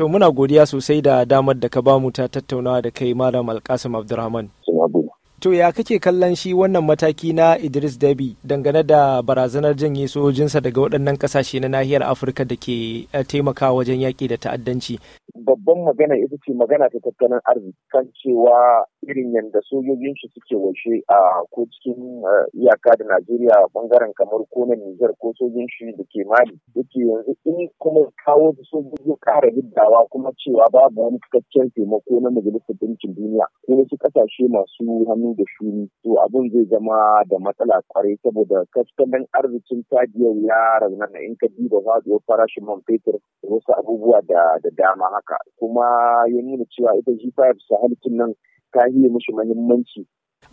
To muna godiya sosai da damar da ka bamu ta tattaunawa da kai Malam Alkasim Abdulrahman. To ya kake kallon shi wannan mataki na Idris Dabi dangane da barazanar janye sojinsa daga waɗannan ƙasashe na nahiyar Afirka da ke eh, taimakawa wajen yaƙi da ta'addanci? Babban magana ita ce magana ta tattalin arziki kan cewa irin yadda sojojin shi suke washe a ko cikin iyaka da Najeriya bangaren kamar ko na Nijar ko sojojin shi da ke Mali yake yanzu in kuma kawo da sojojin kara kuma cewa babu wani cikakken taimako na majalisar ɗinkin duniya ko wasu ƙasashe masu hannu da shuni to abin zai zama da matsala kwarai saboda kaskanin arzikin tajiyar ya raunana in ka diba faɗuwar farashin man fetur da wasu abubuwa da dama haka kuma ya nuna cewa ita G5 Sahel nan ta hiye musu mahimmanci.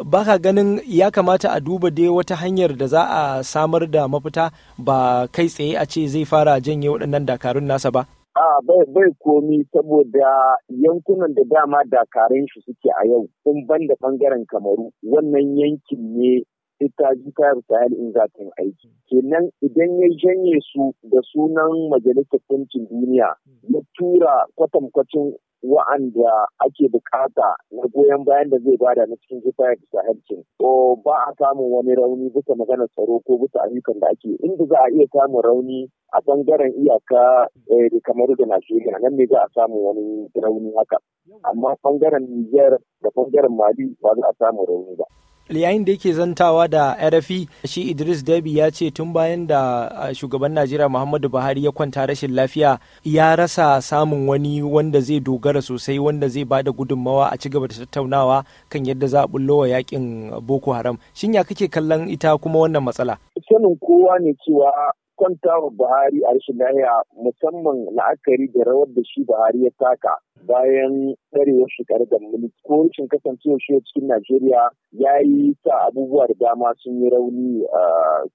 Ba ka ganin ya kamata a duba dai wata hanyar da za a samar da mafita ba kai tsaye a ce zai fara janye waɗannan dakarun nasa ba? A bai komi saboda yankunan da dama dakarun shi suke a yau sun ban da bangaren kamaru wannan yankin ne ita jikar sahel in za ta aiki kenan idan ya janye su da sunan majalisar ɗinkin duniya ya tura kwatankwacin wa'anda ake bukata na goyon bayan da zai bada na cikin jifa bisa harkin ko ba a samun wani rauni bisa maganar tsaro ko bisa ayyukan da ake inda za a iya samun rauni a bangaren iyaka eh, da kamar da Najeriya nan ne za a samu wani rauni haka amma bangaren Nijar da bangaren Mali ba za a samu rauni ba yayin da yake zantawa da rfi e, shi idris debi ya ce tun bayan da shugaban najeriya muhammadu buhari ya kwanta rashin lafiya ya rasa samun wani wanda zai dogara sosai wanda zai bada gudunmawa a ci gaba da tattaunawa kan yadda za a bullo wa yakin boko haram shin ya kake kallon ita kuma wannan matsala sanin kowa ne cewa kwanta wa buhari a rashin lafiya musamman la'akari da rawar da shi buhari ya taka bayan tsarewar shekaru da mulki ko rashin kasancewar shi cikin Najeriya ya yi sa abubuwa da dama sun yi rauni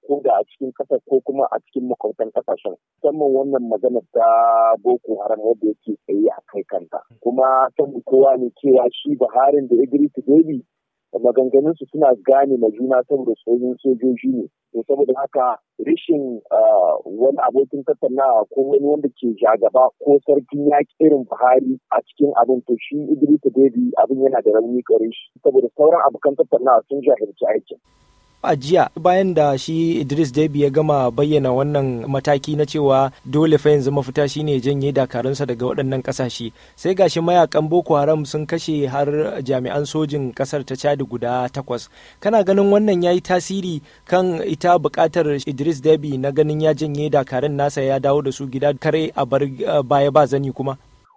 ko da a cikin ƙasar ko kuma a cikin makwabtan ƙasashen musamman wannan magana ta Boko Haram wadda yake tsaye a kai kanta kuma ta kowa ne cewa shi Buharin da Idris Deby maganganun su suna gane ma juna saboda sojin sojoji ne to saboda haka rishin wani abokin tattaunawa ko wani wanda ke jagaba ko sarkin yaƙi irin Buhari a cikin abin to shi Idris Deby abin yana da rauni kare shi saboda sauran abokan tattaunawa sun jahilci aikin a jiya bayan da shi Idris debi ya gama bayyana wannan mataki na cewa dole fa yanzu mafita shine janye dakarunsa daga waɗannan ƙasashe sai gashi mayakan Boko Haram sun kashe har jami'an sojin ƙasar ta Chad guda takwas kana ganin wannan yayi tasiri kan ita buƙatar Idris debi na ganin ya janye dakarun nasa ya dawo da su gida kare a bar baya ba zani kuma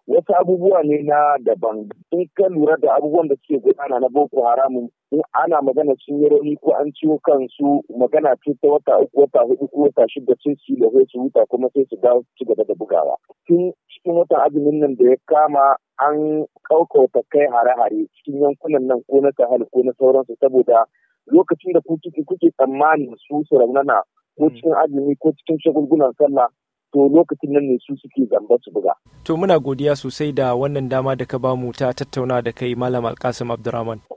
wasu abubuwa ne na daban in ka lura da abubuwan da suke gudana na boko haram in ana magana sun yi rauni ko an ciwo kansu magana ce ta wata uku wata hudu ko wata shida sun ci da su huta kuma sai su dawo ci gaba da bugawa tun cikin watan azumin nan da ya kama an kaukauta kai hare-hare cikin yankunan nan ko na sahel ko na sauransu saboda lokacin da kuke tsammanin su su raunana ko hmm. cikin azumi ko cikin shagulgunan sallah to lokacin nan ne su suke zamba su buga. To muna godiya sosai da wannan dama da ka bamu ta tattauna da kai Malam Alkasim abdulrahman.